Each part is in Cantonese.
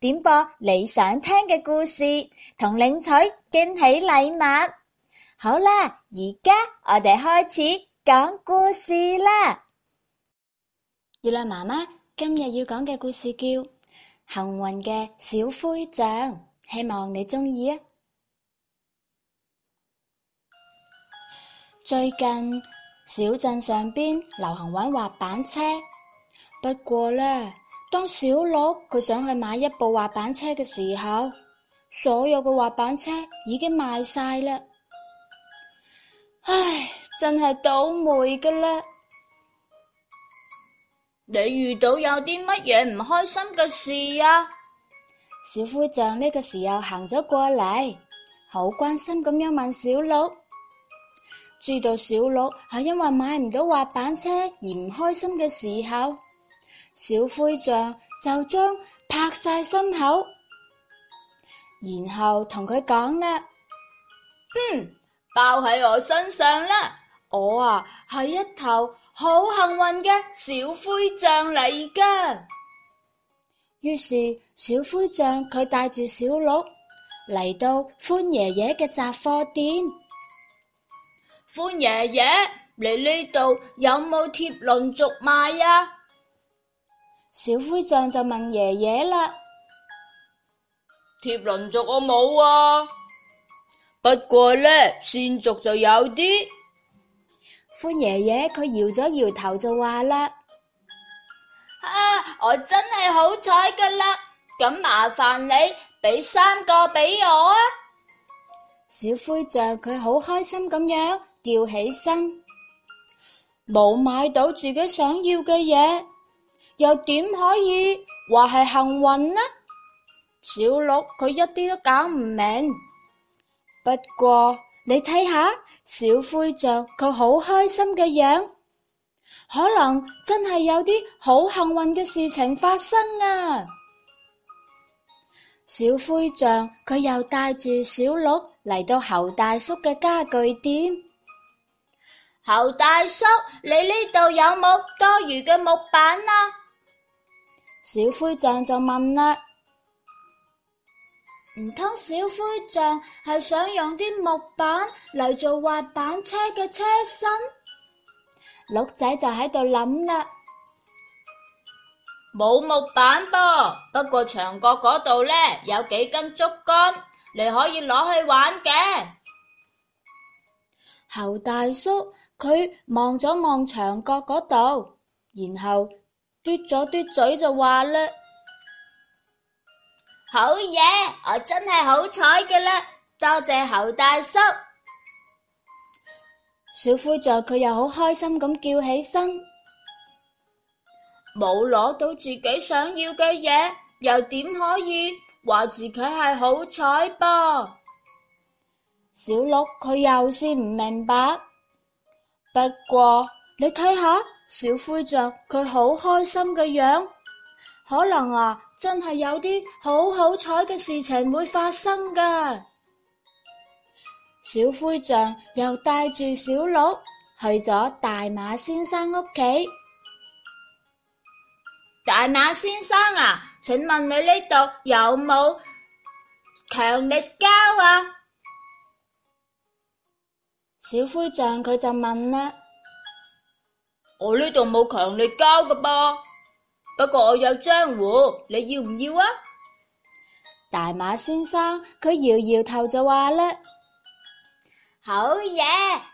點播你想聽嘅故事，當小鹿佢想去買一部滑板車嘅時候，所有嘅滑板車已經賣晒啦。唉，真係倒霉㗎啦！你遇到有啲乜嘢唔開心嘅事啊？小灰象呢個時候行咗過嚟，好關心咁樣問小鹿，知道小鹿係因為買唔到滑板車而唔開心嘅時候。小灰象就將拍晒心口，然後同佢講啦：，嗯，包喺我身上啦，我啊係一頭好幸運嘅小灰象嚟噶。於是小灰象佢帶住小鹿嚟到歡爺爺嘅雜貨店，歡爺爺，你呢度有冇鐵輪軸賣啊？小灰象就問爺爺啦：，鐵輪族我冇啊，不過咧，線族就有啲。灰爺爺佢搖咗搖頭就話啦：，啊，我真係好彩噶啦，咁麻煩你俾三個俾我啊！小灰象佢好開心咁樣叫起身，冇買到自己想要嘅嘢。又點可以話係幸運呢？小鹿佢一啲都搞唔明。不過你睇下，小灰象佢好開心嘅樣，可能真係有啲好幸運嘅事情發生啊！小灰象佢又帶住小鹿嚟到侯大叔嘅家具店。侯大叔，你呢度有冇多餘嘅木板啊？小灰象就問啦。唔通小灰象係想用啲木板嚟做滑板車嘅車身？鹿仔就喺度諗啦，冇木板噃，不過牆角嗰度呢，有幾根竹竿，你可以攞去玩嘅。侯大叔，佢望咗望牆角嗰度，然後，嘟咗嘟嘴就話嘞：「好嘢！我真係好彩嘅啦，多謝侯大叔。」小灰雀佢又好開心咁叫起身，冇攞到自己想要嘅嘢，又點可以話自己係好彩噃？小鹿佢又先唔明白，不過你睇下。小灰象佢好開心嘅樣，可能啊真係有啲好好彩嘅事情會發生㗎。小灰象又帶住小鹿去咗大馬先生屋企。大馬先生啊，請問你呢度有冇強力膠啊？小灰象佢就問啦。我呢度冇強力膠噶噃。不過我有漿糊，你要唔要啊？大馬先生佢搖搖頭就話啦。好嘢，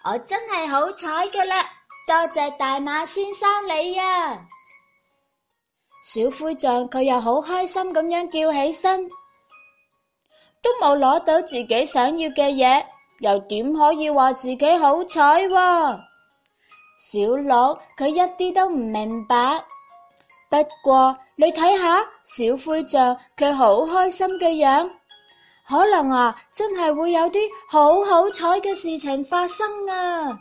我真係好彩噶啦，多謝大馬先生你啊！小灰象佢又好開心咁樣叫起身。都冇攞到自己想要嘅嘢，又點可以話自己好彩喎啊？小鹿佢一啲都唔明白，不過你睇下小灰象佢好開心嘅樣，可能啊真係會有啲好好彩嘅事情發生啊！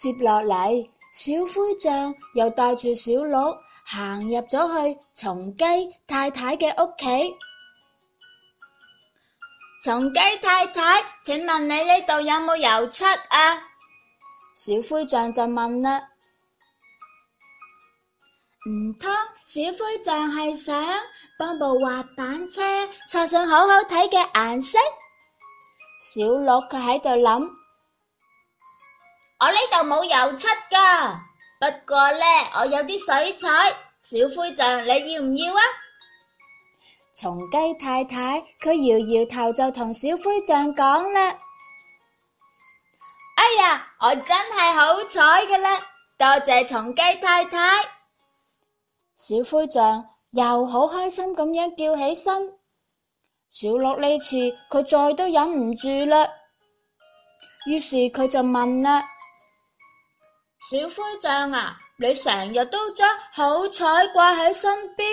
接落嚟，小灰象又帶住小鹿行入咗去松雞太太嘅屋企。松雞太太，請問你呢度有冇油漆啊？小灰象就問啦：唔通小灰象係想幫部滑板車刷上好好睇嘅顏色？小鹿佢喺度諗：我呢度冇油漆噶，不過咧我有啲水彩，小灰象你要唔要啊？松雞太太佢搖搖頭就同小灰象講啦。哎呀，我真係好彩㗎啦！多謝松雞太太，小灰象又好開心咁樣叫起身。小鹿呢次佢再都忍唔住啦，於是佢就問啦：小灰象啊，你成日都將好彩掛喺身邊，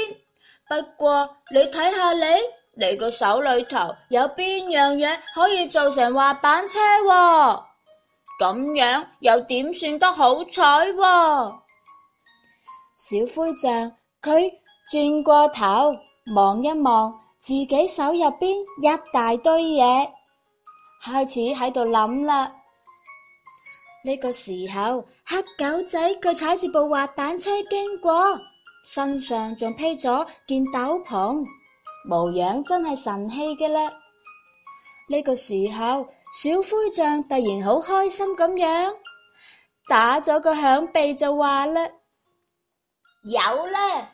不過你睇下你，你個手裏頭有邊樣嘢可以做成滑板車啊？咁樣又點算得好彩啊？小灰象佢轉過頭望一望自己手入邊一大堆嘢，開始喺度諗啦。呢個時候，黑狗仔佢踩住部滑板車經過，身上仲披咗件斗篷，模樣真係神氣嘅啦。呢個時候。小灰象突然好開心咁樣，打咗個響鼻就話啦：有啦了，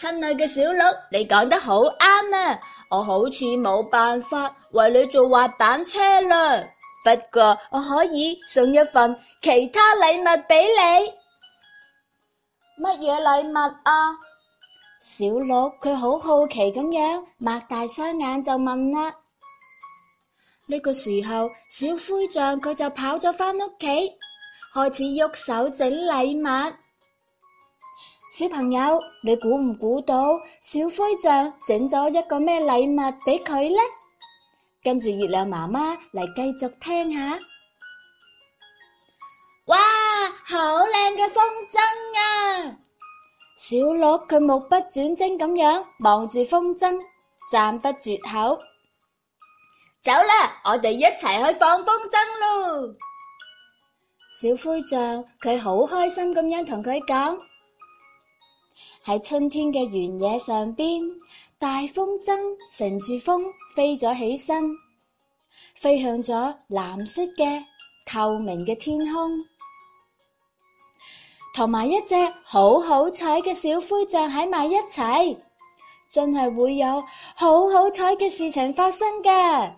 親愛嘅小鹿，你講得好啱啊！我好似冇辦法為你做滑板車啦，不過我可以送一份其他禮物俾你。乜嘢禮物啊？小鹿佢好好奇咁樣，擘大雙眼就問啦。呢個時候，小灰象佢就跑咗返屋企，開始喐手整禮物。小朋友，你估唔估到小灰象整咗一個咩禮物俾佢呢？跟住月亮媽媽嚟繼續聽下。哇，好靚嘅風箏啊！小鹿佢目不轉睛咁樣望住風箏，讚不絕口。走啦！我哋一齊去放風箏咯！小灰象佢好開心咁樣同佢講，喺春天嘅原野上邊，大風箏乘住風飛咗起身，飛向咗藍色嘅透明嘅天空，同埋一隻好好彩嘅小灰象喺埋一齊，真係會有好好彩嘅事情發生㗎！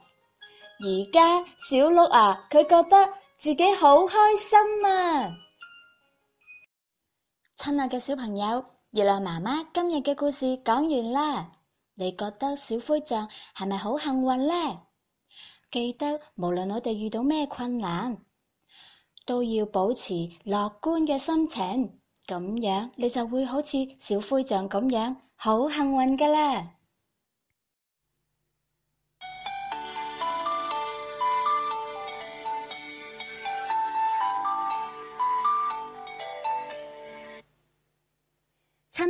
而家小鹿啊，佢覺得自己好開心啊！親愛嘅小朋友，月亮媽媽今日嘅故事講完啦。你覺得小灰象係咪好幸運呢？記得無論我哋遇到咩困難，都要保持樂觀嘅心情，咁樣你就會好似小灰象咁樣好幸運噶啦！